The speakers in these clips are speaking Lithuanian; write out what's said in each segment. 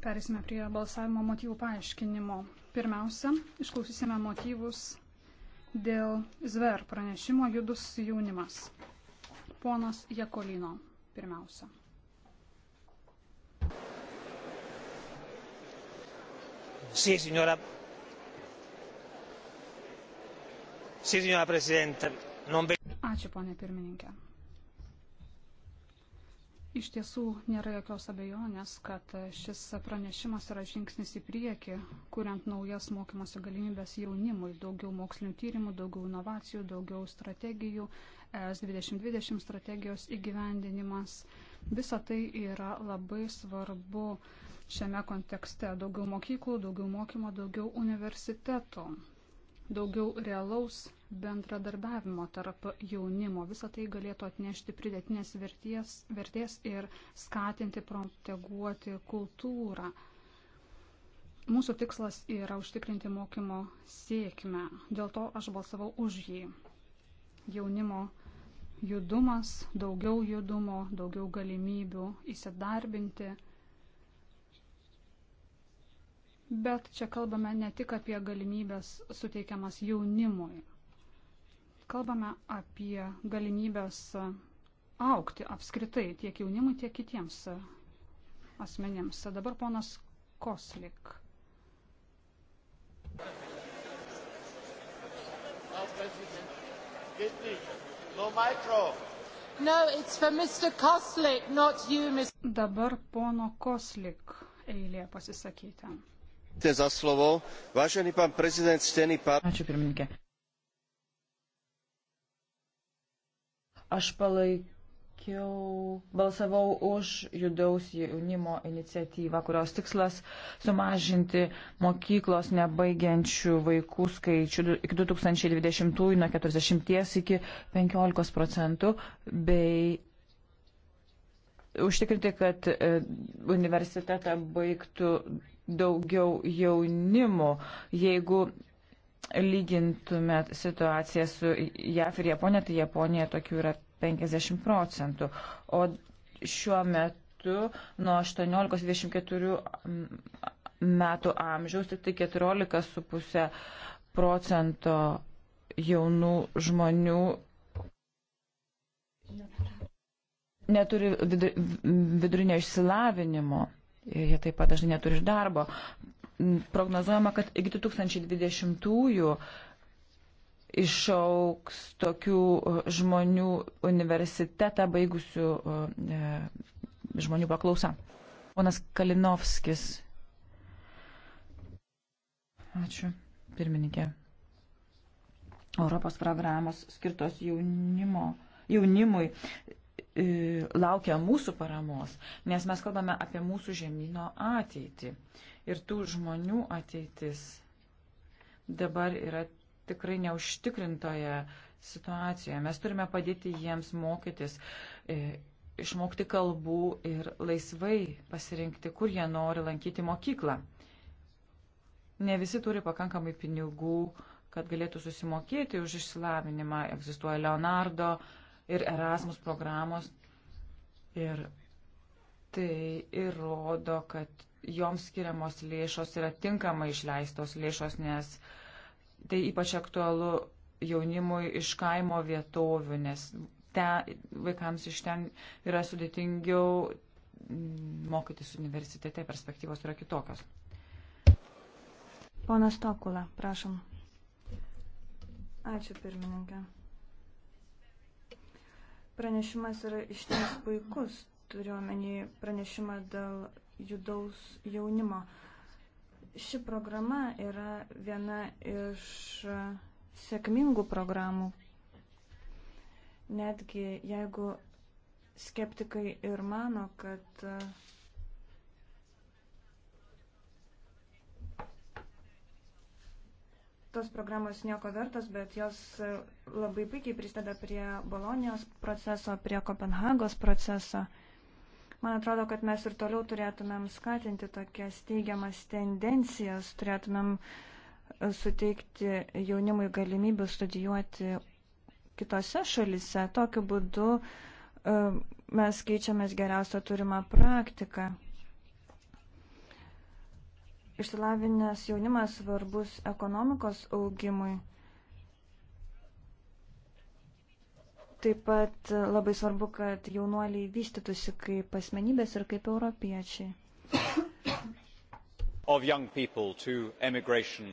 Perėsime prie balsavimo motyvų paaiškinimo. Pirmiausia, išklausysime motyvus dėl Zver pranešimo judus jaunimas. Ponas Jekolino pirmiausia. Sì, signora... Sì, signora Presidente. Non... Ačiū, ponė pirmininkė. Iš tiesų nėra jokios abejonės, kad šis pranešimas yra žingsnis į priekį, kuriant naujas mokymosi galimybės jaunimui - daugiau mokslinių tyrimų, daugiau inovacijų, daugiau strategijų, ES 2020 strategijos įgyvendinimas. Visa tai yra labai svarbu šiame kontekste - daugiau mokyklų, daugiau mokymo, daugiau universitetų daugiau realaus bendradarbiavimo tarp jaunimo. Visą tai galėtų atnešti pridėtinės verties, vertės ir skatinti, proteguoti kultūrą. Mūsų tikslas yra užtikrinti mokymo sėkmę. Dėl to aš balsavau už jį. Jaunimo judumas, daugiau judumo, daugiau galimybių įsidarbinti Bet čia kalbame ne tik apie galimybės suteikiamas jaunimui. Kalbame apie galimybės aukti apskritai tiek jaunimui, tiek kitiems asmenėms. Dabar ponas Koslik. Dabar pono Koslik eilė pasisakyti. Vážený pán prezident, stený pán. Ačiū pirmininkė. Aš palaikiau, balsavau už judaus jaunimo iniciatyvą, kurios tikslas sumažinti mokyklos nebaigiančių vaikų skaičių iki 2020 nuo 40 iki 15 procentų bei užtikrinti, kad e, universitetą baigtų daugiau jaunimo, jeigu lygintumėt situaciją su JAF ir Japonija, tai Japonija tokių yra 50 procentų. O šiuo metu nuo 18-24 mm, metų amžiaus tik tai 14,5 procento jaunų žmonių neturi vidurinio išsilavinimo ir jie taip pat dažnai neturi iš darbo. Prognozuojama, kad iki 2020-ųjų išauks tokių uh, žmonių universitetą baigusių uh, e, žmonių paklausa. Ponas Kalinovskis. Ačiū, pirmininkė. Europos programos skirtos jaunimo, jaunimui E, laukia mūsų paramos, nes mes kalbame apie mūsų žemynų ateitį. Ir tų žmonių ateitis dabar yra tikrai neužtikrintoje situacijoje. Mes turime padėti jiems mokytis, e, išmokti kalbų ir laisvai pasirinkti, kur jie nori lankyti mokyklą. Ne visi turi pakankamai pinigų, kad galėtų susimokėti už išsilavinimą. Egzistuoja Leonardo, ir Erasmus programos. Ir tai įrodo, kad joms skiriamos lėšos yra tinkamai išleistos lėšos, nes tai ypač aktualu jaunimui iš kaimo vietovių, nes ten, vaikams iš ten yra sudėtingiau mokytis universitete, perspektyvos yra kitokios. Ponas Tokula, prašom. Ačiū pirmininkė. Pranešimas yra išties puikus, turiuomenį pranešimą dėl judaus jaunimo. Ši programa yra viena iš sėkmingų programų. Netgi jeigu skeptikai ir mano, kad tos programos nieko vertos, bet jos e, labai puikiai prisideda prie Bolonijos proceso, prie Kopenhagos proceso. Man atrodo, kad mes ir toliau turėtumėm skatinti tokias teigiamas tendencijas, turėtumėm e, suteikti jaunimui galimybių studijuoti kitose šalise. Tokiu būdu e, mes keičiamės geriausią turimą praktiką. Išsilavinęs jaunimas svarbus ekonomikos augimui. Taip pat labai svarbu, kad jaunuoliai vystytųsi kaip asmenybės ir kaip europiečiai.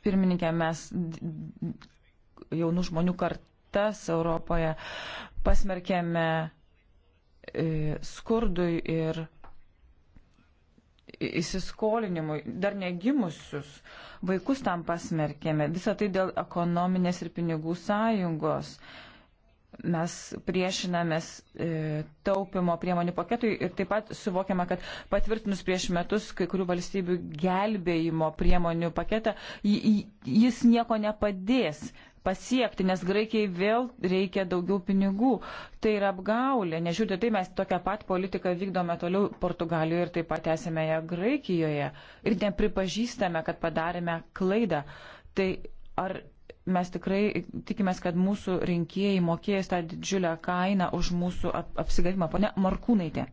Pirmininkė, mes jaunų žmonių kartas Europoje pasmerkėme e, skurdui ir įsiskolinimui, dar negimusius vaikus tam pasmerkėme. Visą tai dėl ekonominės ir pinigų sąjungos. Mes priešinamės e, taupimo priemonių paketui ir taip pat suvokiame, kad patvirtinus prieš metus kai kurių valstybių gelbėjimo priemonių paketą, jis nieko nepadės pasiekti, nes Graikijai vėl reikia daugiau pinigų. Tai yra apgaulė, nežiūrėti tai mes tokią pat politiką vykdome toliau Portugalijoje ir taip pat esame ją Graikijoje ir nepripažįstame, kad padarėme klaidą. Tai ar mes tikrai tikimės, kad mūsų rinkėjai mokės tą didžiulę kainą už mūsų ap apsigavimą. Pone Markūnaitė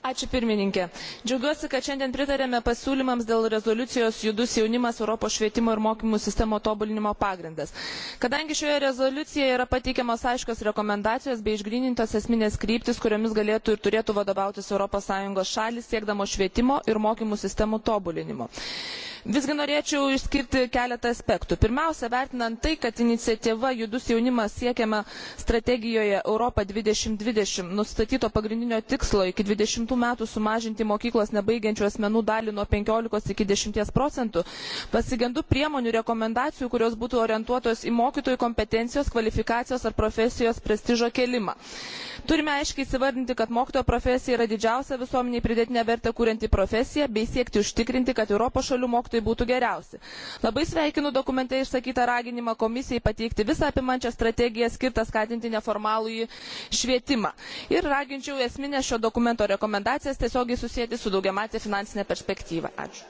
džiaugiuosi kad šiandien pritarėme pasiūlymams dėl rezoliucijos judus jaunimas europos švietimo ir mokymo sistemos tobulinimo pagrindas kadangi šioje rezoliucijoje yra pateikiamos aiškios rekomendacijos bei išgrynintos esminės kryptys kuriomis galėtų ir turėtų vadovautis europos sąjungos šalys siekdamos švietimo ir mokymo sistemų tobulinimo. Visgi norėčiau išskirti keletą aspektų. Pirmiausia, vertinant tai, kad iniciatyva Judus jaunimas siekiama strategijoje Europa 2020 nustatyto pagrindinio tikslo iki 20 metų sumažinti mokyklos nebaigiančių asmenų dalį nuo 15 iki 10 procentų, pasigendu priemonių rekomendacijų, kurios būtų orientuotos į mokytojų kompetencijos, kvalifikacijos ar profesijos prestižo kelimą. Turime aiškiai įsivardinti, kad mokytojo profesija yra didžiausia visuomeniai pridėtinė vertė kūrinti profesija, bei siekti užtikrinti, kad Europos šalių mokytojų mokytojai būtų geriausi. Labai sveikinu dokumente išsakytą raginimą komisijai pateikti visą apimančią strategiją skirtą skatinti neformalųjį švietimą. Ir raginčiau esminę šio dokumento rekomendacijas tiesiogiai susijęti su daugiamatė finansinė perspektyva. Ačiū.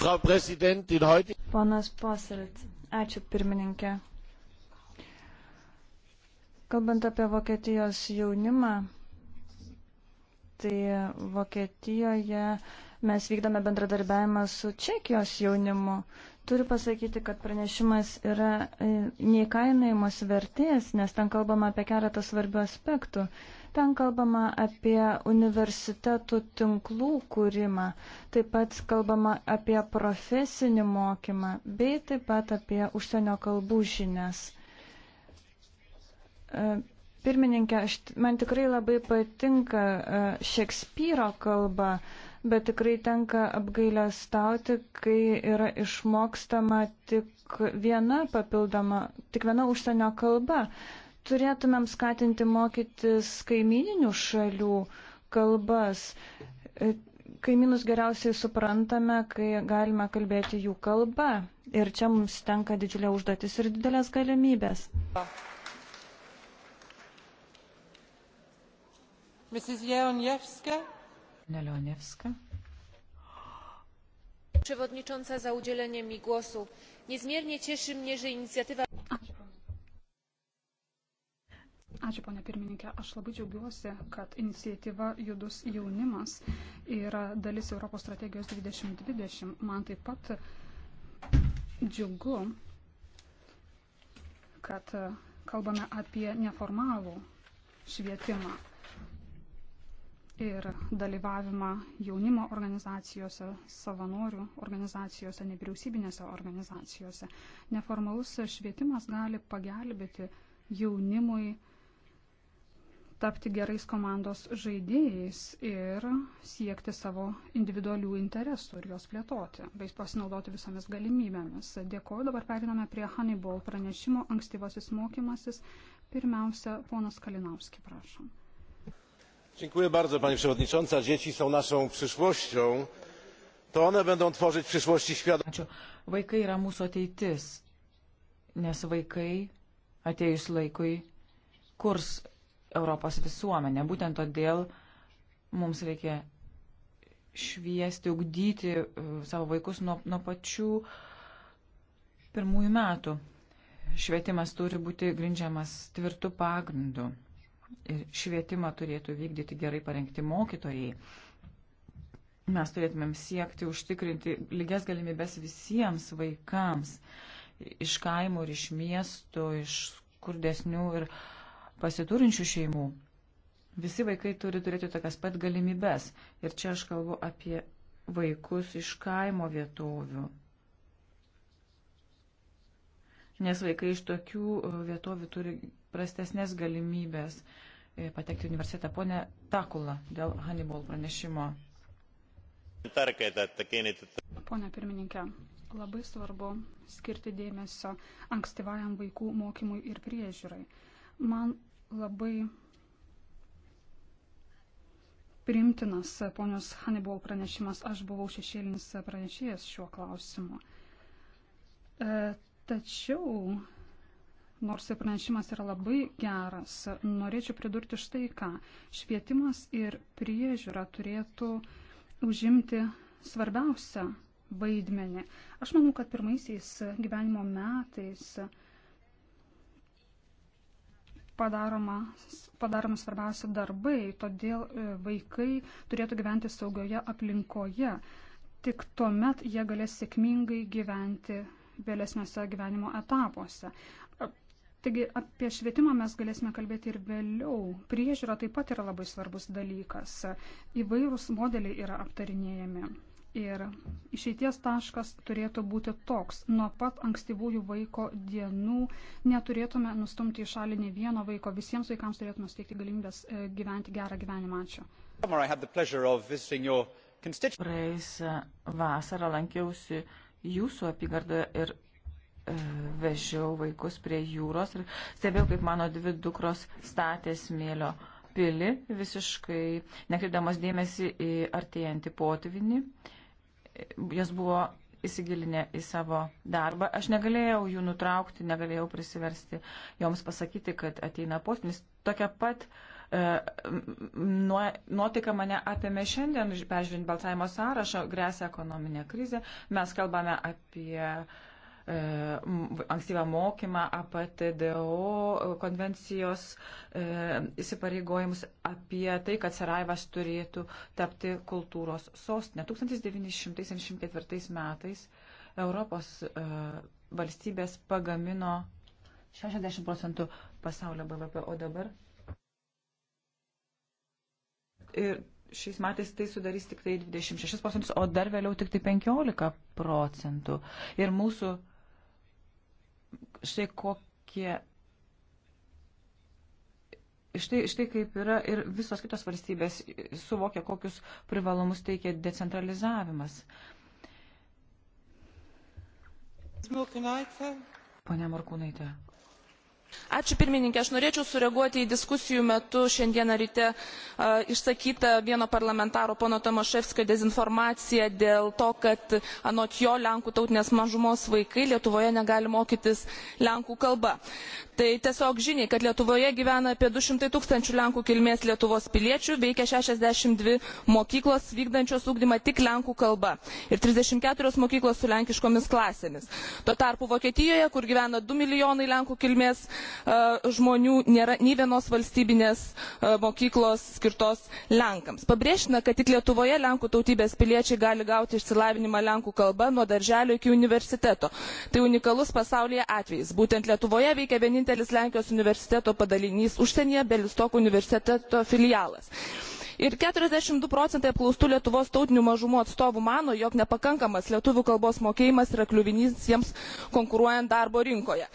Frau Präsidentin, heute. Ponas Posilt, ačiū pirmininkė. Kalbant apie Vokietijos jaunimą, tai Vokietijoje mes vykdome bendradarbiavimą su Čekijos jaunimu. Turiu pasakyti, kad pranešimas yra e, neįkainojamos vertės, nes ten kalbama apie keletą svarbių aspektų. Ten kalbama apie universitetų tinklų kūrimą, taip pat kalbama apie profesinį mokymą, bei taip pat apie užsienio kalbų žinias. E, Pirmininkė, aš, man tikrai labai patinka e, Šekspyro kalba, bet tikrai tenka apgailę stauti, kai yra išmokstama tik viena papildoma, tik viena užsienio kalba. Turėtumėm skatinti mokytis kaimininių šalių kalbas. E, kaimynus geriausiai suprantame, kai galime kalbėti jų kalbą. Ir čia mums tenka didžiulė užduotis ir didelės galimybės. Oh. pani przewodnicząca za udzielenie mi głosu! niezmiernie cieszy mnie że inicjatywa. Ačiū, ponia pirmininkė. Aš labai džiaugiuosi, kad iniciatyva Judus jaunimas yra dalis Europos strategijos 2020. Man taip pat džiugu, kad kalbame apie neformalų švietimą ir dalyvavimą jaunimo organizacijose, savanorių organizacijose, nevyriausybinėse organizacijose. Neformalus švietimas gali pagelbėti jaunimui tapti gerais komandos žaidėjais ir siekti savo individualių interesų ir juos plėtoti, bei pasinaudoti visomis galimybėmis. Dėkuoju, dabar periname prie Hannibal pranešimo ankstyvasis mokymasis. Pirmiausia, ponas Kalinauski, prašom pani przewodnicząca! dzieci są naszą przyszłością to one będą tworzyć w przyszłości świat. vaikai yra mūsų ateitis nes vaikai atėjus laikui kurs europos visuomenę būtent todėl mums reikia šviesti ugdyti e, savo vaikus nuo, nuo pačių pirmųjų metų švietimas turi būti grindžiamas tvirtu pagrindu švietimą turėtų vykdyti gerai parengti mokytojai. Mes turėtumėm siekti užtikrinti lygias galimybės visiems vaikams iš kaimų ir iš miestų, iš skurdesnių ir pasiturinčių šeimų. Visi vaikai turi turėti tokias pat galimybės. Ir čia aš kalbu apie vaikus iš kaimo vietovių. Nes vaikai iš tokių vietovių turi prastesnės galimybės e, patekti universitetą. Pone Takula, dėl Hannibal pranešimo. Pone pirmininkė, labai svarbu skirti dėmesio ankstyvajam vaikų mokymui ir priežiūrai. Man labai primtinas ponios Hannibal pranešimas, aš buvau šešėlinis pranešėjas šiuo klausimu. E, tačiau Nors ir pranešimas yra labai geras, norėčiau pridurti štai ką. Švietimas ir priežiūra turėtų užimti svarbiausią vaidmenį. Aš manau, kad pirmaisiais gyvenimo metais padaroma, padaroma svarbiausia darbai, todėl e, vaikai turėtų gyventi saugioje aplinkoje. Tik tuomet jie galės sėkmingai gyventi vėlesniuose gyvenimo etapuose. Taigi apie švietimą mes galėsime kalbėti ir vėliau. Priežiūra taip pat yra labai svarbus dalykas. Įvairūs modeliai yra aptarinėjami. Ir išeities taškas turėtų būti toks. Nuo pat ankstyvųjų vaiko dienų neturėtume nustumti į šalį ne vieno vaiko. Visiems vaikams turėtume steigti galimybės e, gyventi gerą gyvenimą. Ačiū. Praėjusią vasarą lankiausi jūsų apygardoje ir E, vežiau vaikus prie jūros ir stebėjau, kaip mano dvi dukros statė smėlio pilį, visiškai nekreipdamas dėmesį į artėjantį potvinį. Jos buvo įsigilinę į savo darbą. Aš negalėjau jų nutraukti, negalėjau prisiversti joms pasakyti, kad ateina potvinis. Tokia pat e, nuotika mane apėmė šiandien, peržiūrint balsavimo sąrašą, grėsia ekonominė krizė. Mes kalbame apie E, ankstyvą mokymą, APTDO konvencijos e, įsipareigojimus apie tai, kad Sarajevas turėtų tapti kultūros sostinė. 1974 metais Europos e, valstybės pagamino 60 procentų pasaulio BVP, o dabar. Ir šiais metais tai sudarys tik tai 26 procentus, o dar vėliau tik tai 15 procentų. Ir mūsų štai kokie. Štai, štai kaip yra ir visos kitos valstybės suvokia, kokius privalumus teikia decentralizavimas. Pone Morkūnaitė. Ačiū pirmininkė, aš norėčiau sureaguoti į diskusijų metu šiandieną ryte e, išsakytą vieno parlamentaro pono Tomaševskio dezinformaciją dėl to, kad anot jo Lenkų tautinės mažumos vaikai Lietuvoje negali mokytis Lenkų kalbą. Tai tiesiog žiniai, kad Lietuvoje gyvena apie 200 tūkstančių Lenkų kilmės Lietuvos piliečių, veikia 62 mokyklos vykdančios ūkdymą tik Lenkų kalba ir 34 mokyklos su lenkiškomis klasėmis. Tuo tarpu Vokietijoje, kur gyvena 2 milijonai Lenkų kilmės, žmonių nėra nei vienos valstybinės mokyklos skirtos lenkams. pabrėžtina kad tik lietuvoje lenkų tautybės piliečiai gali gauti išsilavinimą lenkų kalba nuo darželio iki universiteto. tai unikalus pasaulyje atvejis. būtent lietuvoje veikia vienintelis lenkijos universiteto padalinys užsienyje bialystoko universiteto filialas ir keturiasdešimt du procentai apklaustų lietuvos tautinių mažumų atstovų mano jog nepakankamas lietuvių kalbos mokėjimas yra kliuvinys jiems konkuruojant darbo rinkoje.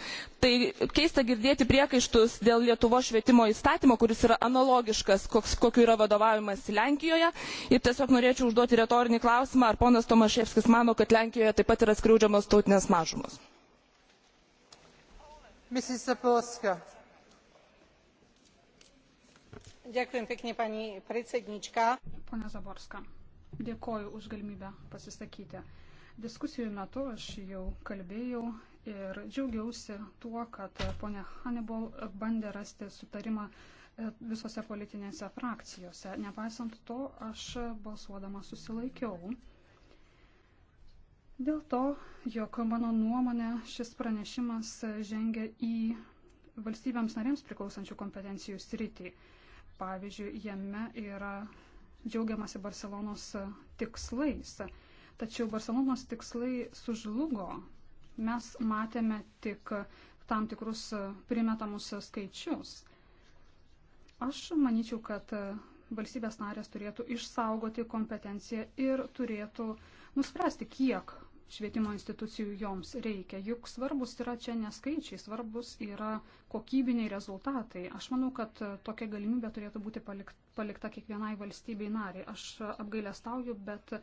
tai keista girdėti priekaištus dėl lietuvos švietimo įstatymo kuris yra analogiškas koks, kokiu yra vadovaujamasi lenkijoje ir tiesiog norėčiau užduoti retorinį klausimą ar ponas tomaševskis mano kad lenkijoje taip pat yra skriaudžiamos tautinės mažumos? Dėkuojam pekne, pani predsednička. Pone Zaborska, dėkoju už galimybę pasisakyti. Diskusijų metu aš jau kalbėjau ir džiaugiausi tuo, kad ponia Hannibal bandė rasti sutarimą e, visose politinėse frakcijose. Nepaisant to, aš balsuodama susilaikiau. Dėl to, jog mano nuomonė šis pranešimas žengia į valstybėms narėms priklausančių kompetencijų sritį. Pavyzdžiui, jame yra džiaugiamasi Barcelonos tikslais. Tačiau Barcelonos tikslai sužlugo. Mes matėme tik tam tikrus primetamus skaičius. Aš manyčiau, kad valstybės narės turėtų išsaugoti kompetenciją ir turėtų nuspręsti, kiek švietimo institucijų joms reikia. Juk svarbus yra čia neskaičiai, svarbus yra kokybiniai rezultatai. Aš manau, kad tokia galimybė turėtų būti palikta kiekvienai valstybei nariai. Aš apgailestauju, bet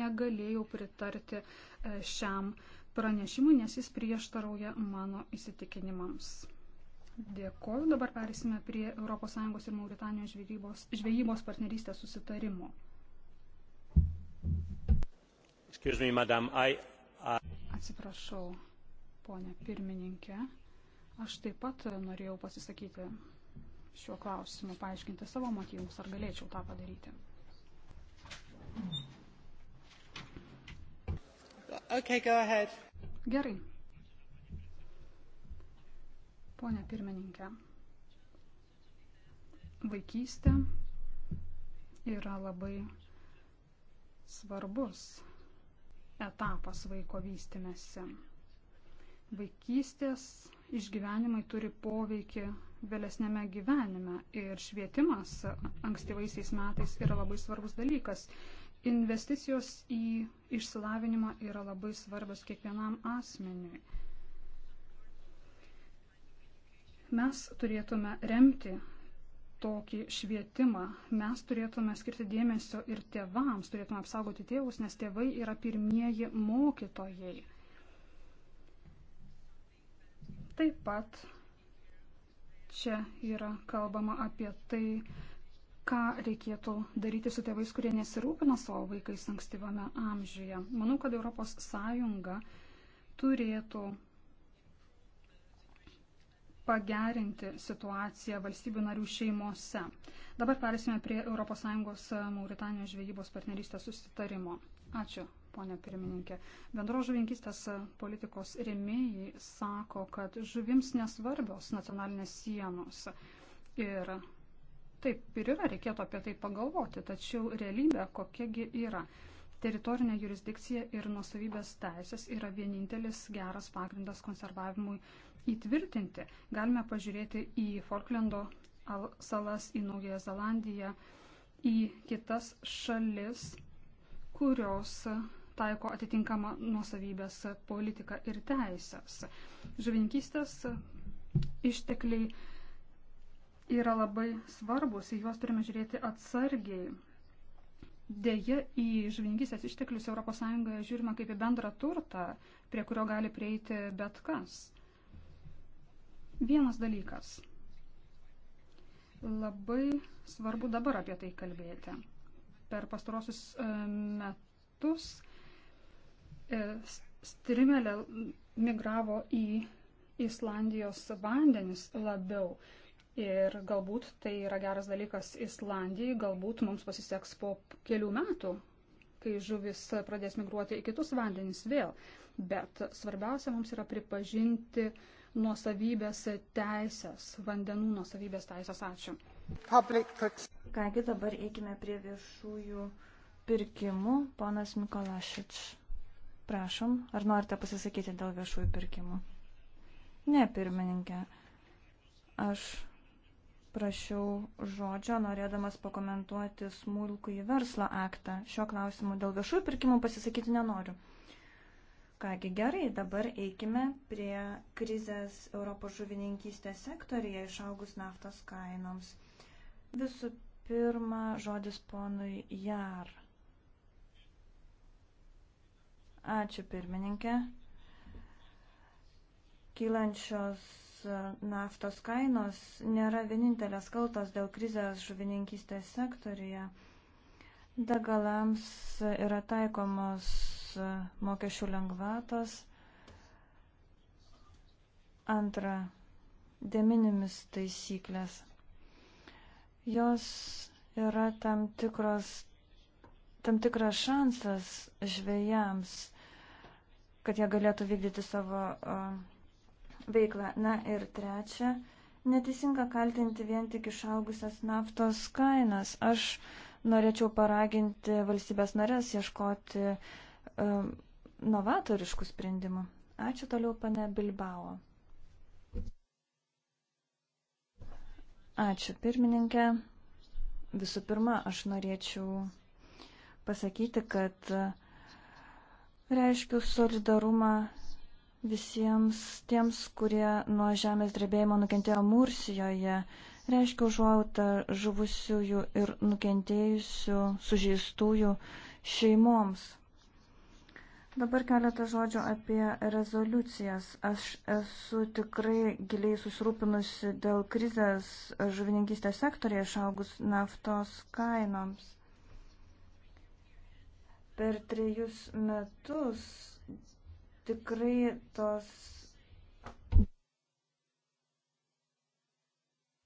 negalėjau pritarti e, šiam pranešimui, nes jis prieštarauja mano įsitikinimams. Dėkoju. Dabar perėsime prie ES ir Mauritanijos žvejybos, žvejybos partnerystės susitarimo. Me, madam, I... Atsiprašau, ponė pirmininkė. Aš taip pat norėjau pasisakyti šiuo klausimu, paaiškinti savo motyvus, ar galėčiau tą padaryti. Okay, go ahead. Gerai. Pone pirmininkė, vaikystė yra labai svarbus etapas vaiko vystimėsi. Vaikystės išgyvenimai turi poveikį vėlesnėme gyvenime ir švietimas ankstyvaisiais metais yra labai svarbus dalykas. Investicijos į išsilavinimą yra labai svarbios kiekvienam asmeniui. Mes turėtume remti tokį švietimą. Mes turėtume skirti dėmesio ir tėvams, turėtume apsaugoti tėvus, nes tėvai yra pirmieji mokytojai. Taip pat čia yra kalbama apie tai, ką reikėtų daryti su tėvais, kurie nesirūpina savo vaikais ankstyvame amžiuje. Manau, kad ES turėtų pagerinti situaciją valstybių narių šeimose. Dabar perėsime prie ES Mauritanijos žvejybos partnerystės susitarimo. Ačiū, ponė pirmininkė. Bendro žuvinkistės politikos rėmėjai sako, kad žuvims nesvarbios nacionalinės sienos. Ir taip ir yra, reikėtų apie tai pagalvoti, tačiau realybė kokiagi yra. Teritorinė jurisdikcija ir nuosavybės teisės yra vienintelis geras pagrindas konservavimui įtvirtinti. Galime pažiūrėti į Folklendo salas, į Naująją Zelandiją, į kitas šalis, kurios taiko atitinkamą nuosavybės politiką ir teisės. Žuvininkystės ištekliai yra labai svarbus, į juos turime žiūrėti atsargiai. Deja, į žuvininkystės išteklius ES žiūrima kaip į bendrą turtą, prie kurio gali prieiti bet kas. Vienas dalykas. Labai svarbu dabar apie tai kalbėti. Per pastarosius e, metus e, strimelė migravo į Islandijos vandenis labiau. Ir galbūt tai yra geras dalykas Islandijai, galbūt mums pasiseks po kelių metų, kai žuvis pradės migruoti į kitus vandenis vėl. Bet svarbiausia mums yra pripažinti uh, nuosavybės teisės, vandenų nuosavybės teisės. Ačiū. Kągi dabar eikime prie viešųjų pirkimų. Ponas Mikolašič, prašom, ar norite pasisakyti dėl viešųjų pirkimų? Ne, pirmininkė. Aš prašiau žodžio, norėdamas pakomentuoti smulkų į verslą aktą. Šio klausimu dėl viešųjų pirkimų pasisakyti nenoriu. Kągi gerai, dabar eikime prie krizės Europos žuvininkystės sektorija išaugus naftos kainoms. Visų pirma, žodis ponui Jar. Ačiū pirmininkė. Kylančios naftos kainos nėra vienintelės kaltos dėl krizės žuvininkystės sektorija. Degalams yra taikomos mokesčių lengvatos. Antra, deminimis taisyklės. Jos yra tam, tikros, tam tikras šansas žvėjams, kad jie galėtų vykdyti savo uh, veiklą. Na ir trečia, neteisinga kaltinti vien tik išaugusias naftos kainas. Aš uh, Norėčiau paraginti valstybės narės ieškoti um, novatoriškų sprendimų. Ačiū toliau, pane Bilbao. Ačiū, pirmininkė. Visų pirma, aš norėčiau pasakyti, kad reiškiu solidarumą visiems tiems, kurie nuo žemės drebėjimo nukentėjo Mursijoje reiškia užuojautą žuvusiųjų ir nukentėjusių sužeistųjų šeimoms. Dabar keletą žodžių apie rezoliucijas. Aš esu tikrai giliai susirūpinusi dėl krizės žuvininkystės sektorėje išaugus naftos kainoms. Per trejus metus tikrai tos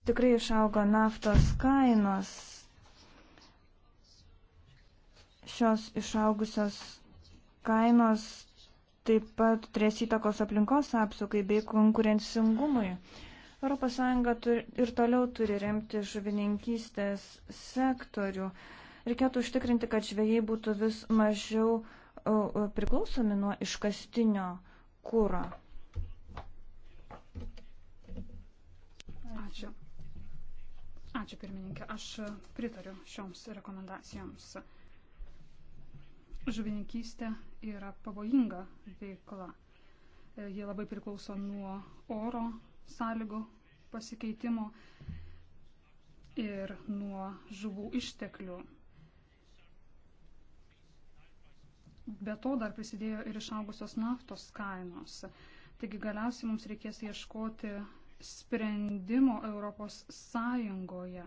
tikrai išaugo naftos kainos. Šios išaugusios kainos taip pat turės įtakos aplinkos apsaugai bei konkurencingumui. ES ir toliau turi remti žuvininkystės sektorių. Reikėtų užtikrinti, kad žvėjai būtų vis mažiau priklausomi nuo iškastinio kūro. Ačiū. Ačiū pirmininkė, aš pritariu šioms rekomendacijoms. Žuvininkystė yra pavojinga veikla. Jie labai priklauso nuo oro sąlygų pasikeitimo ir nuo žuvų išteklių. Be to dar prisidėjo ir išaugusios naftos kainos. Taigi galiausiai mums reikės ieškoti sprendimo Europos Sąjungoje.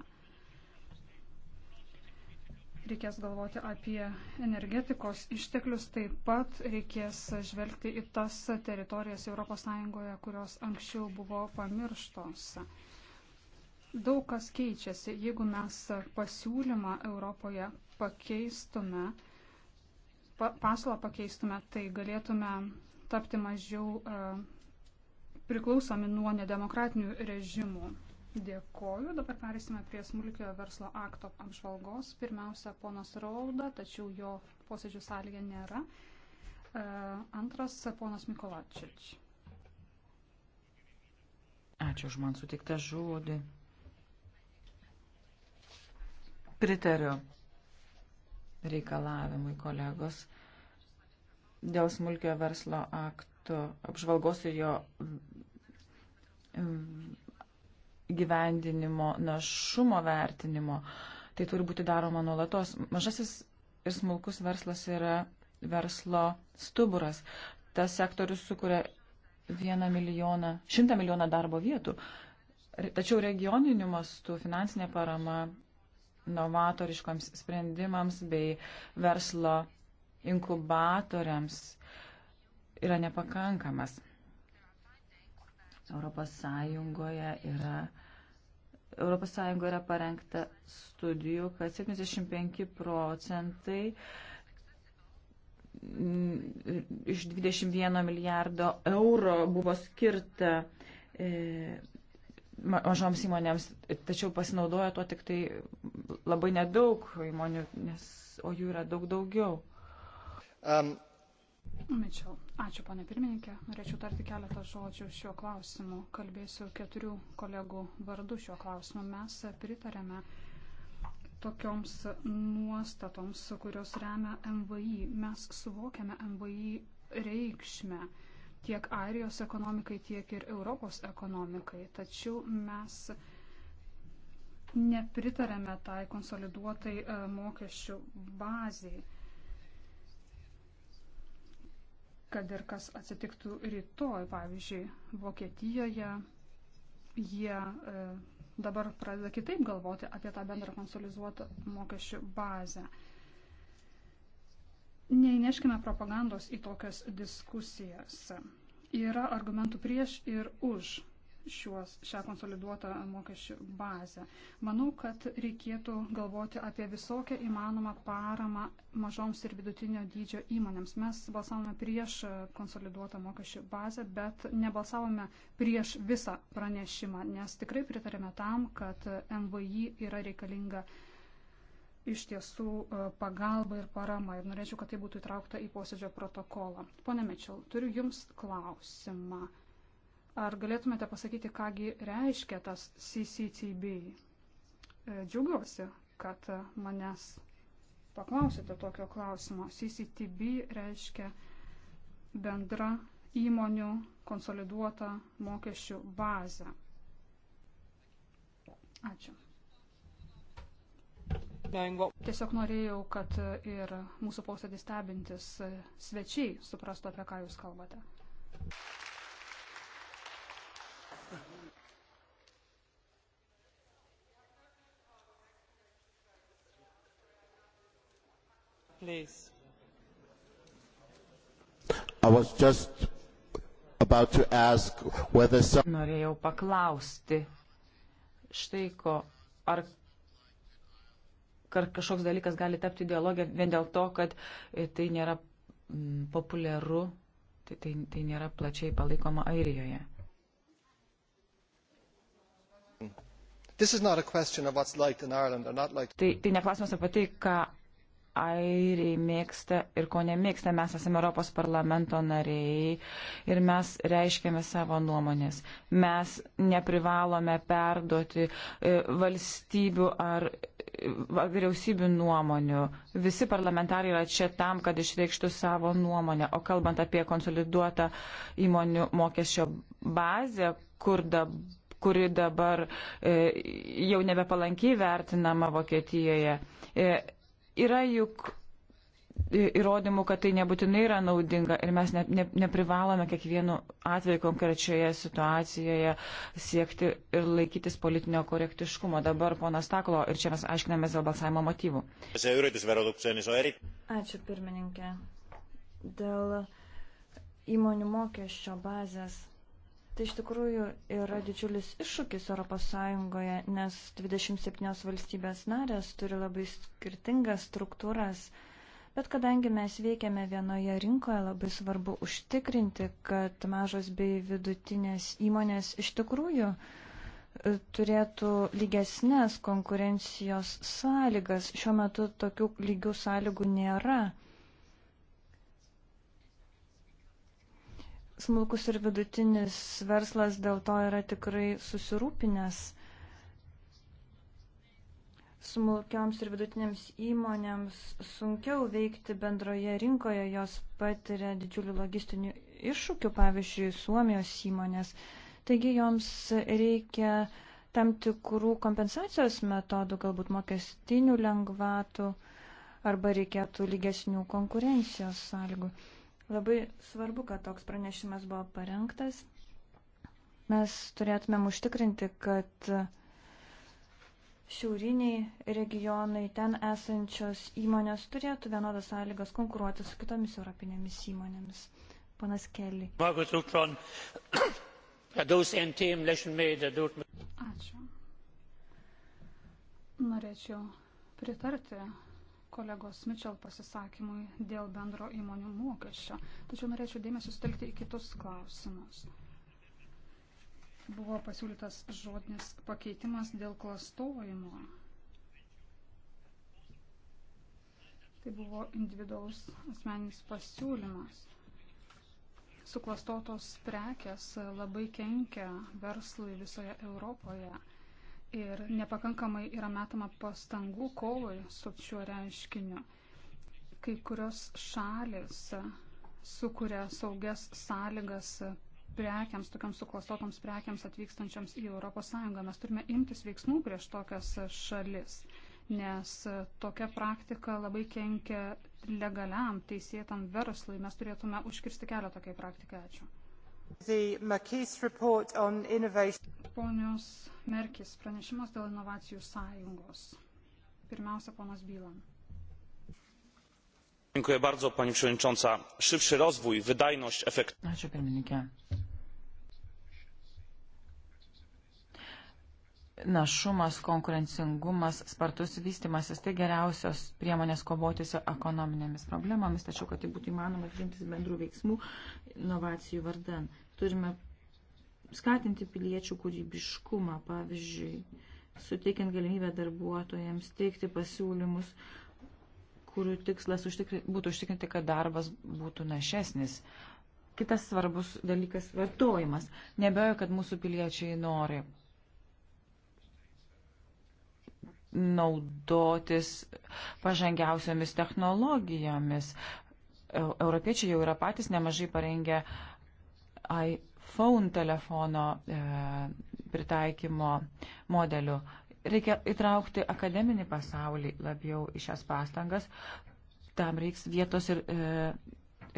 Reikės galvoti apie energetikos išteklius, taip pat reikės žvelgti į tas teritorijas ES, kurios anksčiau buvo pamirštos. Daug kas keičiasi. Jeigu mes pasiūlymą Europoje pakeistume, pa, paslą pakeistume, tai galėtume tapti mažiau uh, priklausomi nuo nedemokratinių režimų. Dėkoju. Dabar perėsime prie smulkiojo verslo akto apžvalgos. Pirmiausia, ponas Rauda, tačiau jo posėdžių salėje nėra. E, antras, ponas Mikolačič. Ačiū už man sutiktą žodį. Pritariu reikalavimui kolegos dėl smulkio verslo akto projekto apžvalgos ir jo mm, mm, gyvendinimo, našumo vertinimo. Tai turi būti daroma nuolatos. Mažasis ir smulkus verslas yra verslo stuburas. Tas sektorius sukuria vieną milijoną, šimtą milijoną darbo vietų. Tačiau regioniniu mastu finansinė parama novatoriškams sprendimams bei verslo inkubatoriams uh, yra nepakankamas. Europos Sąjungoje yra, Europos Sąjungoje yra parengta studijų, kad 75 procentai mm, iš 21 milijardo euro buvo skirta e, mažoms įmonėms, tačiau pasinaudoja tuo tik tai labai nedaug įmonių, nes, o jų yra daug daugiau. Um, Mičiau, ačiū pane pirmininkė. Norėčiau tarti keletą žodžių šiuo klausimu. Kalbėsiu keturių kolegų vardu šiuo klausimu. Mes pritarėme tokioms nuostatoms, kurios remia MVI. Mes suvokiame MVI reikšmę tiek Airijos ekonomikai, tiek ir Europos ekonomikai. Tačiau mes nepritarėme tai konsoliduotai e, mokesčių baziai. kad ir kas atsitiktų rytoj, pavyzdžiui, Vokietijoje, jie e, dabar pradeda kitaip galvoti apie tą bendrą konsolizuotą mokesčių bazę. Neįneškime propagandos į tokias diskusijas. Yra argumentų prieš ir už šiuos, šią konsoliduotą mokesčių bazę. Manau, kad reikėtų galvoti apie visokią įmanomą paramą mažoms ir vidutinio dydžio įmonėms. Mes balsavome prieš konsoliduotą mokesčių bazę, bet nebalsavome prieš visą pranešimą, nes tikrai pritarėme tam, kad MVI yra reikalinga iš tiesų e, pagalba ir parama ir norėčiau, kad tai būtų įtraukta į posėdžio protokolą. Pone Mečiau, turiu Jums klausimą. Ar galėtumėte pasakyti, kągi reiškia tas CCTB? E, džiaugiuosi, kad manęs paklausėte tokio klausimo. CCTB reiškia bendra įmonių konsoliduota mokesčių bazė. Ačiū. Tiesiog norėjau, kad ir mūsų posėdį stebintis svečiai suprastų, apie ką jūs kalbate. please. I was just about to ask whether some... Norėjau paklausti štai ko, ar kažkoks dalykas gali tapti ideologija vien dėl to, kad e, tai nėra mm, populiaru, tai, tai, tai nėra plačiai palaikoma Airijoje. Tai, tai neklausimas apie tai, ką airiai mėgsta ir ko nemėgsta. Mes esame Europos parlamento nariai ir mes reiškiame savo nuomonės. Mes neprivalome perduoti e, valstybių ar e, vyriausybių nuomonių. Visi parlamentarai yra čia tam, kad išreikštų savo nuomonę. O kalbant apie konsoliduotą įmonių mokesčio bazę, kur dabar kuri dabar e, jau nebepalankiai vertinama Vokietijoje. E, Yra juk įrodymų, kad tai nebūtinai yra naudinga ir mes ne, ne, neprivalome kiekvienu atveju konkrečioje situacijoje siekti ir laikytis politinio korektiškumo. Dabar ponas Taklo ir čia mes aiškinamės dėl balsavimo motyvų. Ačiū pirmininkė. Dėl įmonių mokesčio bazės Tai iš tikrųjų yra didžiulis iššūkis ES, nes 27 valstybės narės turi labai skirtingas struktūras. Bet kadangi mes veikiame vienoje rinkoje, labai svarbu užtikrinti, kad mažos bei vidutinės įmonės iš tikrųjų e, turėtų lygesnės konkurencijos sąlygas. Šiuo metu tokių lygių sąlygų nėra. smulkus ir vidutinis verslas dėl to yra tikrai susirūpinęs. Smulkioms ir vidutinėms įmonėms sunkiau veikti bendroje rinkoje, jos patiria didžiulių logistinių iššūkių, pavyzdžiui, Suomijos įmonės. Taigi joms reikia tam tikrų kompensacijos metodų, galbūt mokestinių lengvatų arba reikėtų lygesnių konkurencijos sąlygų. Labai svarbu, kad toks pranešimas buvo parengtas. Mes turėtumėm užtikrinti, kad šiauriniai regionai, ten esančios įmonės turėtų vienodas sąlygas konkuruoti su kitomis europinėmis įmonėmis. Panas Kelly. Ačiū. Norėčiau pritarti kolegos Mitchell pasisakymui dėl bendro įmonių mokesčio. Tačiau norėčiau dėmesį sutelkti į kitus klausimus. Buvo pasiūlytas žodinis pakeitimas dėl klastojimo. Tai buvo individualus asmeninis pasiūlymas. Suklastotos prekes labai kenkia verslui visoje Europoje ir nepakankamai yra metama pastangų kovai su šiuo reiškiniu. Kai kurios šalis sukuria saugias sąlygas prekiams, tokiams suklastotoms prekiams atvykstančiams į ES. Mes turime imtis veiksmų prieš tokias šalis, nes tokia praktika labai kenkia legaliam teisėtam verslui. Mes turėtume užkirsti kelią tokiai praktikai. Ačiū ponios Merkis pranešimas dėl inovacijų sąjungos. Pirmiausia, ponas Bylan. Dziękuję bardzo, pani przewodnicząca. Szybszy rozwój, wydajność, efektywność. Ačiū, pirmininkė. Našumas, konkurencingumas, spartus vystimasis - tai geriausios priemonės kovoti su ekonominėmis problemomis, tačiau, kad tai būtų įmanoma, imtis bendrų veiksmų inovacijų vardan. Turime skatinti piliečių kūrybiškumą, pavyzdžiui, suteikiant galimybę darbuotojams teikti pasiūlymus, kurių tikslas užtikri, būtų užtikrinti, kad darbas būtų našesnis. Kitas svarbus dalykas - vartojimas. Nebejoju, kad mūsų piliečiai nori naudotis pažangiausiomis technologijomis. Europiečiai jau yra patys nemažai parengę phone telefono e, pritaikymo modeliu. Reikia įtraukti akademinį pasaulį labiau į šias pastangas. Tam reiks vietos ir, e,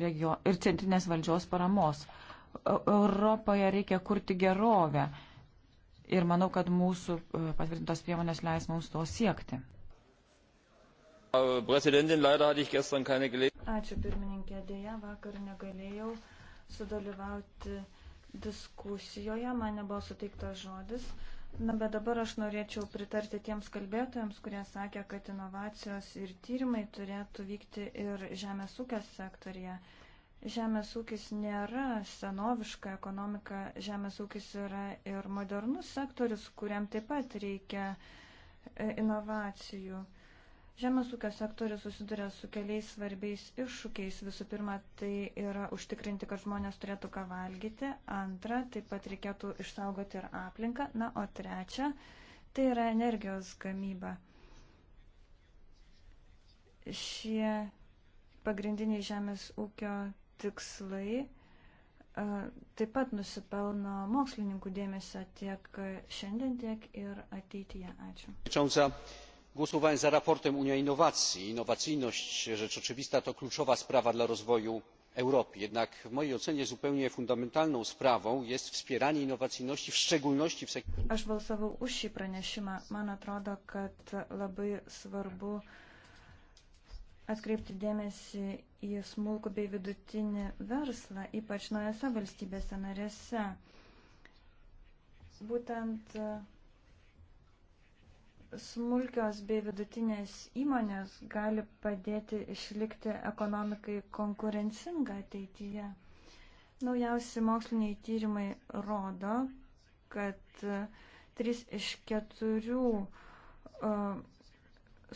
regio, ir centrinės valdžios paramos. E, Europoje reikia kurti gerovę. Ir manau, kad mūsų e, patvirtintos priemonės leis mums to siekti. Ačiū pirmininkė, dėja vakar negalėjau sudalyvauti diskusijoje, man nebuvo suteiktas žodis. Na, bet dabar aš norėčiau pritarti tiems kalbėtojams, kurie sakė, kad inovacijos ir tyrimai turėtų vykti ir žemės ūkio sektorija. Žemės ūkis nėra senoviška ekonomika, žemės ūkis yra ir modernus sektorius, kuriam taip pat reikia e, inovacijų. Žemės ūkio sektorius susiduria su keliais svarbiais iššūkiais. Visų pirma, tai yra užtikrinti, kad žmonės turėtų ką valgyti. Antra, taip pat reikėtų išsaugoti ir aplinką. Na, o trečia, tai yra energijos gamyba. Šie pagrindiniai žemės ūkio tikslai taip pat nusipelno mokslininkų dėmesio tiek šiandien, tiek ir ateityje. Ačiū. Čiausia głosowałem za sprawozdaniem unia innowacji. innowacyjność rzecz oczywista to kluczowa sprawa dla rozwoju europy jednak w mojej ocenie zupełnie fundamentalną sprawą jest wspieranie innowacyjności w szczególności w sektorze. aš balsavau už šį pranešimą man atrodo kad labai svarbu atkreipti dėmesį į smulkų bei vidutinį verslą ypač naujose valstybėse narėse būtent smulkios bei vidutinės įmonės gali padėti išlikti ekonomikai konkurencingą ateityje. Naujausi moksliniai tyrimai rodo, kad 3 iš 4 e,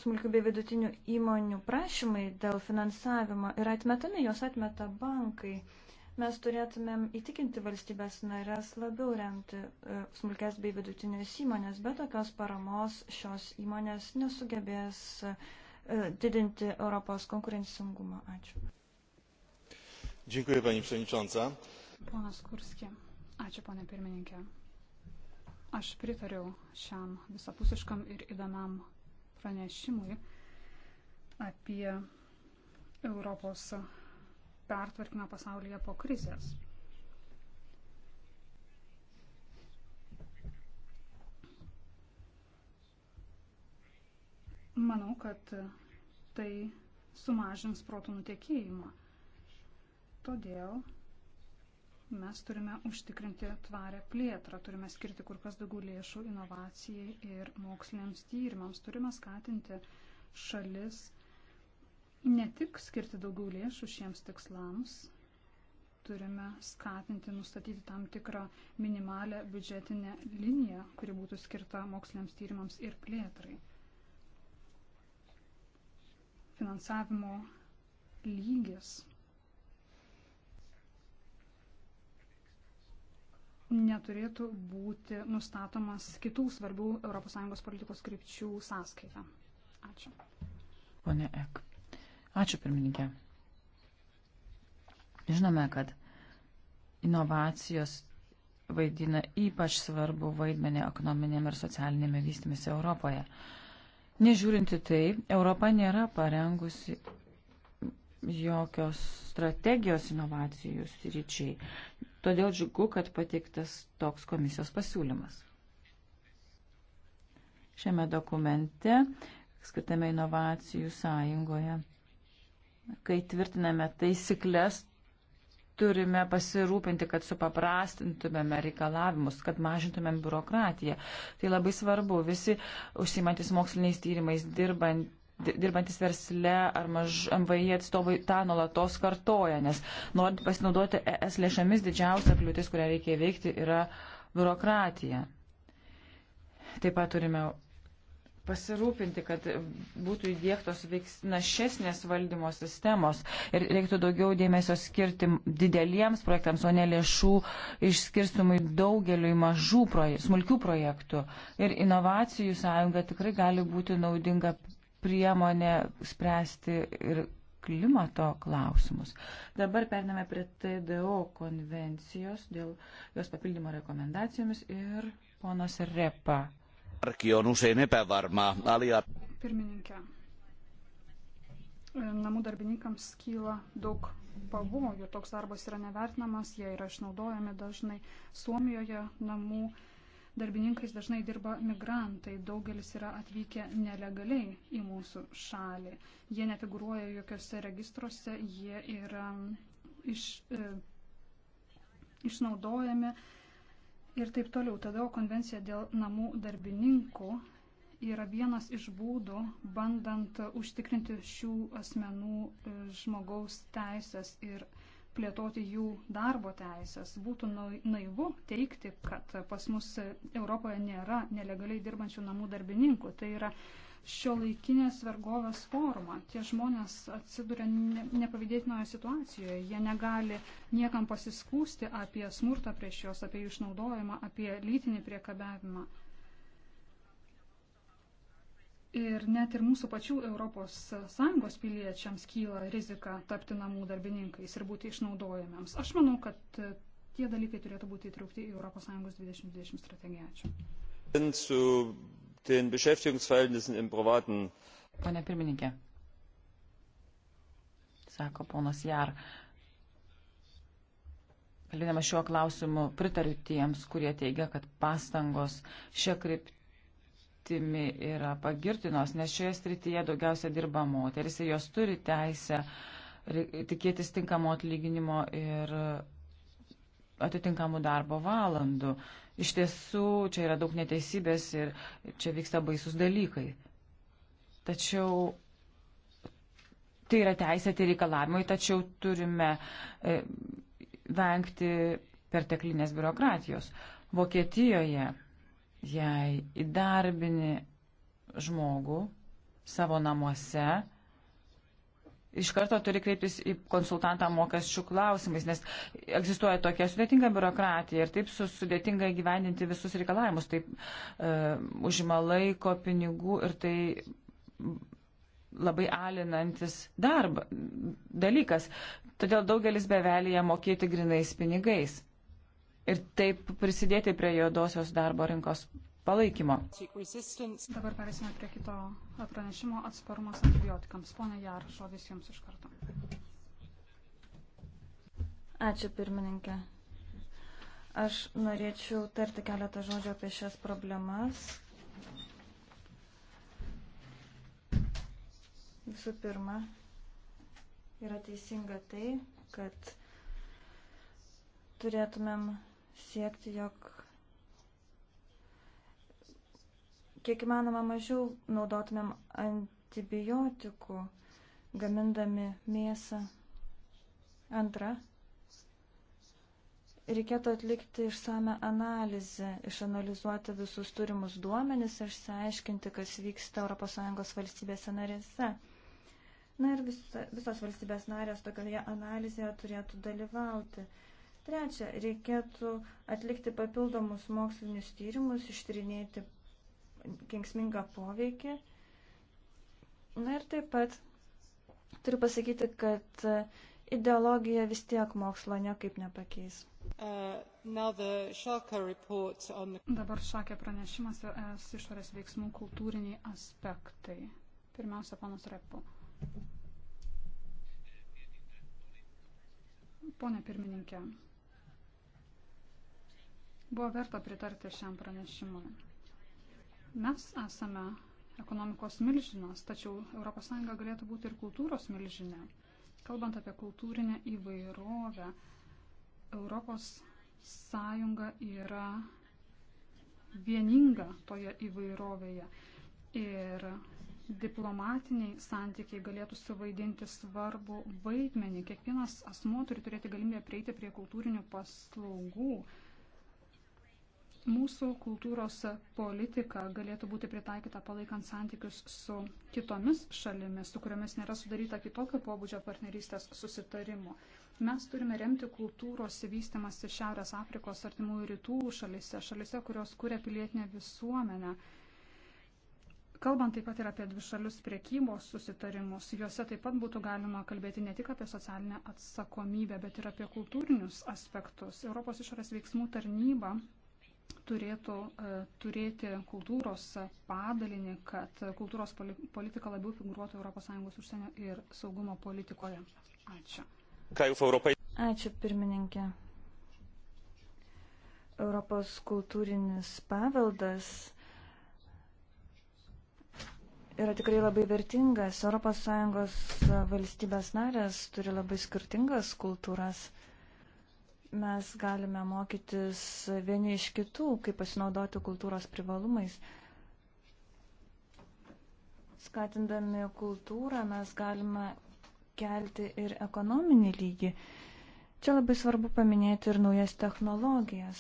smulkių bei vidutinių įmonių prašymai dėl finansavimo yra atmetami, jos atmeta bankai. Mes turėtumėm įtikinti valstybės narės labiau remti e, smulkės bei vidutinės įmonės, bet tokios paramos šios įmonės nesugebės e, didinti Europos konkurencingumą. Ačiū. Dziękuję Pani Przewodnicząca. Ponas Kurski. Ačiū, ponė pirmininkė. Aš pritariau šiam visapusiškam ir įdomiam pranešimui apie Europos pertvarkymą pasaulyje po krizės. Manau, kad tai sumažins protų nutekėjimą. Todėl mes turime užtikrinti tvarę plėtrą, turime skirti kur kas daugiau lėšų inovacijai ir moksliniams tyrimams, turime skatinti šalis ne tik skirti daugiau lėšų šiems tikslams, turime skatinti, nustatyti tam tikrą minimalę biudžetinę liniją, kuri būtų skirta moksliniams tyrimams ir plėtrai. Finansavimo lygis neturėtų būti nustatomas kitų svarbių ES politikos krypčių sąskaita. Ačiū. Pone Ek. Ačiū pirmininkė. Žinome, kad inovacijos vaidina ypač svarbu vaidmenį ekonominėme ir socialinėme vystymise Europoje. Nežiūrinti tai, Europa nėra parengusi jokios strategijos inovacijų sričiai. Todėl džiugu, kad pateiktas toks komisijos pasiūlymas. Šiame dokumente, skirtame inovacijų sąjungoje, kai tvirtiname taisyklės, turime pasirūpinti, kad supaprastintumėme reikalavimus, kad mažintumėm biurokratiją. Tai labai svarbu. Visi užsimantis moksliniais tyrimais dirbant dirbantis versle ar maž MVI atstovai tą nuolatos kartoja, nes norint pasinaudoti ES lėšomis didžiausia kliūtis, kurią reikia įveikti, yra biurokratija. Taip pat turime pasirūpinti, kad būtų įdėktos našesnės valdymo sistemos ir reiktų daugiau dėmesio skirti dideliems projektams, o ne lėšų išskirstumui daugeliui mažų, proje, smulkių projektų. Ir inovacijų sąjunga tikrai gali būti naudinga priemonė spręsti ir klimato klausimus. Dabar pername prie TDO konvencijos dėl jos papildymo rekomendacijomis ir ponas Repa arki on usein epävarmaa. Alia... Pirmininkė, e, namų darbininkams kyla daug pavojų. Toks darbas yra nevertinamas, jie yra išnaudojami dažnai. Suomijoje namų darbininkais dažnai dirba migrantai, daugelis yra atvykę nelegaliai į mūsų šalį. Jie nefiguruoja jokiose registruose, jie yra iš, e, išnaudojami. E, ir taip toliau. Tada konvencija dėl namų darbininkų yra vienas iš būdų, bandant užtikrinti šių asmenų e, žmogaus teisės ir plėtoti jų darbo teisės. Būtų naivu teikti, kad pas mus Europoje nėra nelegaliai dirbančių namų darbininkų. Tai yra šio laikinės vergovės forma. Tie žmonės atsiduria nepavydėtinoje situacijoje, jie negali niekam pasiskūsti apie smurtą prieš juos, apie jų išnaudojimą, apie lytinį priekabiavimą. Ir net ir mūsų pačių ES piliečiams kyla rizika tapti namų darbininkais ir būti išnaudojamiams. Aš manau, kad tie dalykai turėtų būti įtraukti į ES 2020 strategiją. Ačiū den beschäftigungsverhältnissen im privaten. Pane pirmininkė, sako ponas Jar, kalbėdama šiuo klausimu pritariu tiems, kurie teigia, kad pastangos šia kryptimi yra pagirtinos, nes šioje srityje daugiausia dirba moteris ir jos turi teisę tikėtis tinkamo atlyginimo ir atitinkamų darbo valandų. Iš tiesų, čia yra daug neteisybės ir čia vyksta baisus dalykai. Tačiau tai yra teisėti reikalavimai, tačiau turime e, vengti perteklinės biurokratijos. Vokietijoje, jei įdarbini žmogų savo namuose, iš karto turi kreiptis į konsultantą mokesčių klausimais, nes egzistuoja tokia sudėtinga biurokratija ir taip su sudėtinga įgyvendinti visus reikalavimus, taip e, užima laiko, pinigų ir tai labai alinantis darba, dalykas. Todėl daugelis bevelėje mokėti grinais pinigais ir taip prisidėti prie juodosios darbo rinkos palaikymo. Dabar perėsime prie kito pranešimo atsparumas antibiotikams. Pone Jar, žodis Jums iš karto. Ačiū pirmininkė. Aš norėčiau tarti keletą žodžių apie šias problemas. Visų pirma, yra teisinga tai, kad turėtumėm siekti, jog kiek įmanoma mažiau naudotumėm antibiotikų gamindami mėsą. Antra, reikėtų atlikti išsame analizę, išanalizuoti visus turimus duomenis ir išsiaiškinti, kas vyksta ES valstybėse narėse. Na ir visa, visos valstybės narės tokioje analizėje turėtų dalyvauti. Trečia, reikėtų atlikti papildomus mokslinius tyrimus, ištrinėti kengsmingą poveikį. Na ir taip pat turiu pasakyti, kad e, ideologija vis tiek mokslo niekaip nepakeis. Uh, on... Dabar šakė pranešimas ir e, es išorės veiksmų kultūriniai aspektai. Pirmiausia, panas Repo. Pone pirmininkė, buvo verta pritarti šiam pranešimui. Mes esame ekonomikos milžinas, tačiau ES galėtų būti ir kultūros milžinė. Kalbant apie kultūrinę įvairovę, ES yra vieninga toje įvairovėje ir diplomatiniai santykiai galėtų suvaidinti svarbu vaidmenį. Kiekvienas asmo turi turėti galimybę prieiti prie kultūrinių paslaugų. Mūsų kultūros politika galėtų būti pritaikyta palaikant santykius su kitomis šalimis, su kuriomis nėra sudaryta kitokio pobūdžio partnerystės susitarimo. Mes turime remti kultūros vystimasi Šiaurės Afrikos artimųjų rytų šalise, šalise, kurios kuria pilietinę visuomenę. Kalbant taip pat ir apie dvišalius priekybos susitarimus, juose taip pat būtų galima kalbėti ne tik apie socialinę atsakomybę, bet ir apie kultūrinius aspektus. Europos išorės veiksmų tarnyba turėtų e, turėti kultūros padalinį, kad kultūros politika labiau figuruotų ES užsienio ir saugumo politikoje. Ačiū. Ačiū pirmininkė. Europos kultūrinis paveldas yra tikrai labai vertingas. ES valstybės narės turi labai skirtingas kultūras mes galime mokytis vieni iš kitų, kaip pasinaudoti kultūros privalumais. Skatindami kultūrą mes galime kelti ir ekonominį lygį. Čia labai svarbu paminėti ir naujas technologijas.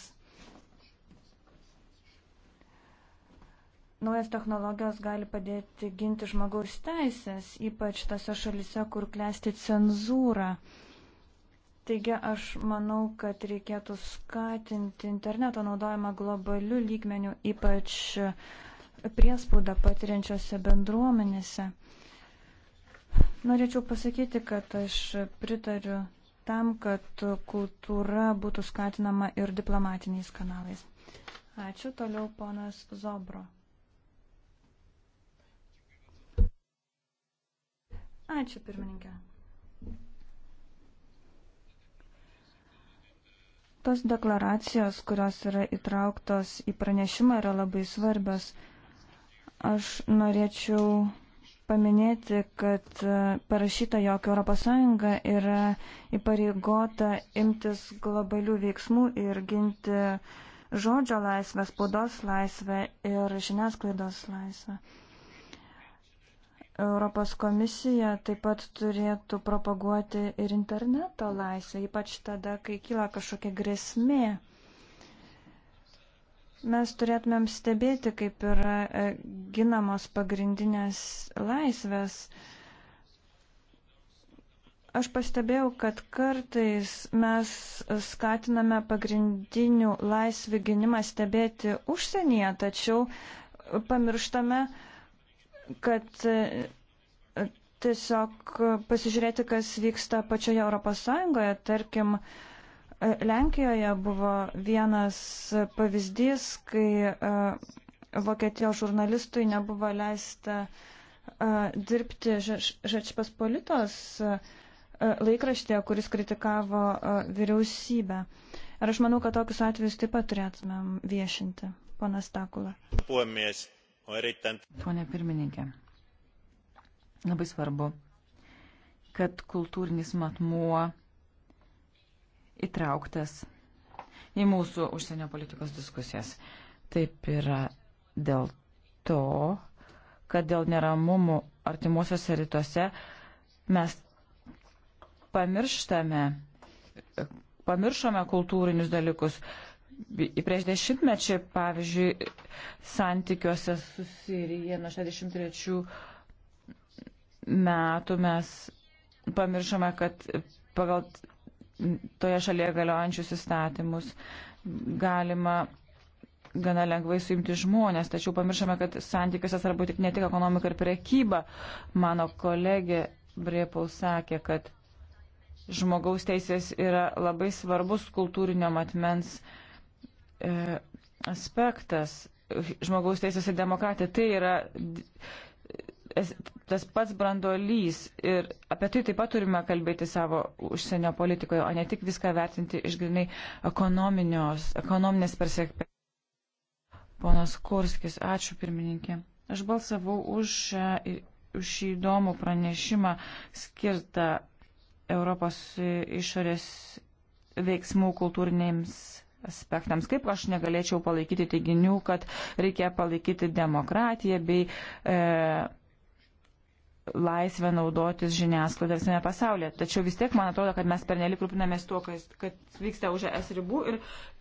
Naujas technologijos gali padėti ginti žmogaus teisės, ypač tose šalise, kur klesti cenzūra. Uh, Taigi aš manau, kad reikėtų skatinti interneto naudojimą globalių lygmenių, ypač priespaudą patiriančiose bendruomenėse. Norėčiau pasakyti, kad aš pritariu tam, kad kultūra būtų skatinama ir diplomatiniais kanalais. Ačiū, toliau ponas Zobro. Ačiū, pirmininkė. Tos deklaracijos, kurios yra įtrauktos į pranešimą, yra labai svarbios. Aš norėčiau paminėti, kad e, parašyta, jog ES yra įpareigota imtis globalių veiksmų ir ginti žodžio laisvę, spaudos laisvę ir žiniasklaidos laisvę. Europos komisija taip pat turėtų propaguoti ir interneto laisvę, ypač tada, kai kyla kažkokia grėsmė. Mes turėtumėm stebėti, kaip yra e, ginamos pagrindinės laisvės. Aš pastebėjau, kad kartais mes skatiname pagrindinių laisvių gynimą stebėti užsienyje, tačiau pamirštame uh, kad e, tiesiog pasižiūrėti, kas vyksta pačioje Europos Sąjungoje. Tarkim, e, Lenkijoje buvo vienas pavyzdys, kai e, Vokietijos žurnalistui nebuvo leista dirbti Žečpaspolitos laikraštėje, kuris kritikavo vyriausybę. Ir aš manau, kad tokius atvejus taip pat turėtumėm viešinti, ponas Takula. Puhemies Pone pirmininkė, labai svarbu, kad kultūrinis matmuo įtrauktas į mūsų užsienio politikos diskusijas. Taip yra dėl to, kad dėl neramumų artimuosiuose rytuose mes pamirštame, pamiršome kultūrinius dalykus, prieš dešimtmečią, pavyzdžiui, santykiuose su Sirija nuo 63 metų mes pamiršome, kad pagal toje šalyje galiojančius įstatymus galima gana lengvai suimti žmonės, tačiau pamiršome, kad santykiuose svarbu tik ne tik ekonomika ir prekyba. Mano kolegė Briepaus sakė, kad žmogaus teisės yra labai svarbus kultūrinio matmens uh, e, aspektas žmogaus teisės ir demokratija. Tai yra tas pats brandolys ir apie tai taip pat turime kalbėti savo užsienio politikoje, o ne tik viską vertinti iš grinai ekonominės persekpės. Ponas Kurskis, ačiū pirmininkė. Aš balsavau už, už šį įdomų pranešimą skirtą Europos išorės veiksmų kultūrinėms aspektams. Kaip aš negalėčiau palaikyti teiginių, kad reikia palaikyti demokratiją bei e, laisvę naudotis žiniasklaidą visame pasaulyje. Tačiau vis tiek man atrodo, kad mes pernelik rūpinamės tuo, kas, kad vyksta už es ribų ir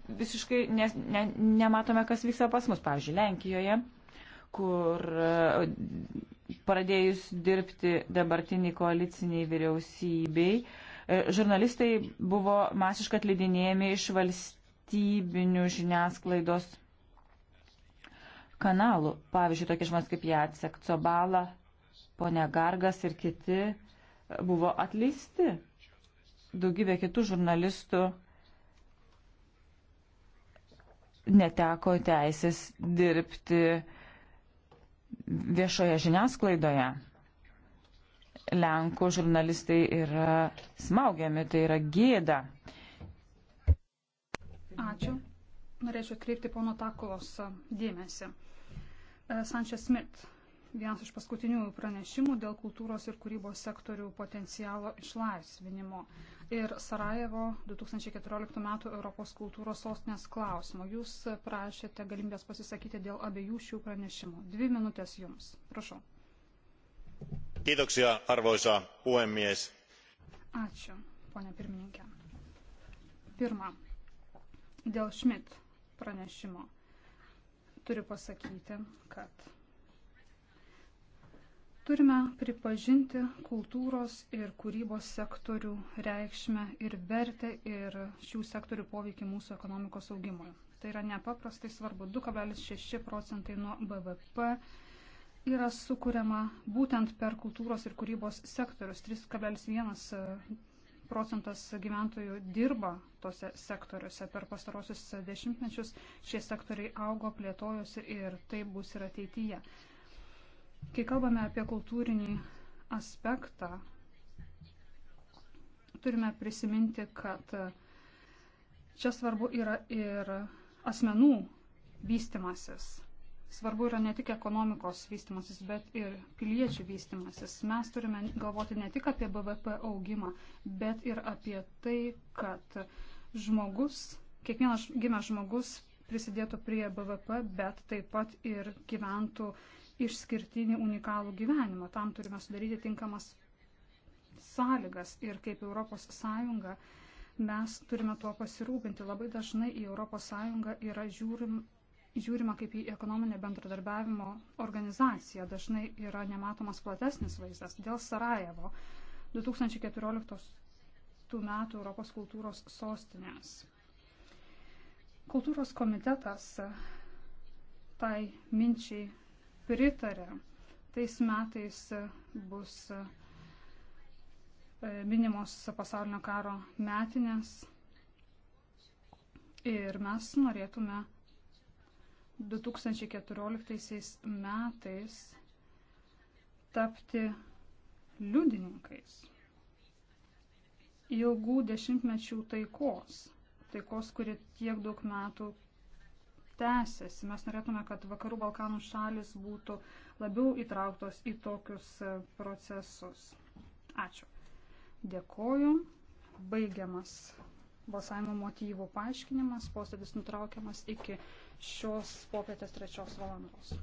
visiškai ne, ne, nematome, kas vyksta pas mus. Pavyzdžiui, Lenkijoje, kur e, pradėjus dirbti dabartiniai koaliciniai vyriausybei, e, žurnalistai buvo masiškai atlidinėjami iš valstybės valstybinių žiniasklaidos kanalų. Pavyzdžiui, tokie žmonės kaip Jacek Cobala, ponia Gargas ir kiti buvo atleisti. Daugybė kitų žurnalistų neteko teisės dirbti viešoje žiniasklaidoje. Lenkų žurnalistai yra smaugiami, tai yra gėda. Ačiū. Norėčiau atkreipti pono Takulos dėmesį. E, Sančias Smith, vienas iš paskutinių pranešimų dėl kultūros ir kūrybos sektorių potencialo išlaisvinimo ir Sarajevo 2014 m. Europos kultūros sostinės klausimo. Jūs prašėte galimybės pasisakyti dėl abiejų šių pranešimų. Dvi minutės jums. Prašau. Kiitoksia, arvoisa puhemies. Ačiū, ponia pirmininkė. Pirma, Dėl Šmit pranešimo turiu pasakyti, kad turime pripažinti kultūros ir kūrybos sektorių reikšmę ir vertę ir šių sektorių poveikį mūsų ekonomikos augimui. Tai yra nepaprastai svarbu. 2,6 procentai nuo BVP yra sukūriama būtent per kultūros ir kūrybos sektorius. 3,1 procentas gyventojų dirba tose sektoriuose. Per pastarosius dešimtmečius šie sektoriai augo, plėtojosi ir tai bus ir ateityje. Kai kalbame apie kultūrinį aspektą, turime prisiminti, kad čia svarbu yra ir asmenų vystimasis svarbu yra ne tik ekonomikos vystimasis, bet ir piliečių vystimasis. Mes turime galvoti ne tik apie BVP augimą, bet ir apie tai, kad žmogus, kiekvienas gimęs žmogus prisidėtų prie BVP, bet taip pat ir gyventų išskirtinį unikalų gyvenimą. Tam turime sudaryti tinkamas sąlygas ir kaip ES mes turime tuo pasirūpinti. Labai dažnai į ES yra žiūrim, žiūrima kaip į ekonominę bendradarbiavimo organizaciją. Dažnai yra nematomas platesnis vaizdas. Dėl Sarajevo 2014 metų Europos kultūros sostinės. Kultūros komitetas tai minčiai pritarė. Tais metais bus e, minimos pasaulinio karo metinės ir mes norėtume 2014 metais tapti liudininkais ilgų dešimtmečių taikos, taikos, kuri tiek daug metų tęsiasi. Mes norėtume, kad Vakarų Balkanų šalis būtų labiau įtrauktos į tokius e, procesus. Ačiū. Dėkoju. Baigiamas balsavimo motyvų paaiškinimas. Posėdis nutraukiamas iki šios popietės trečios valandos.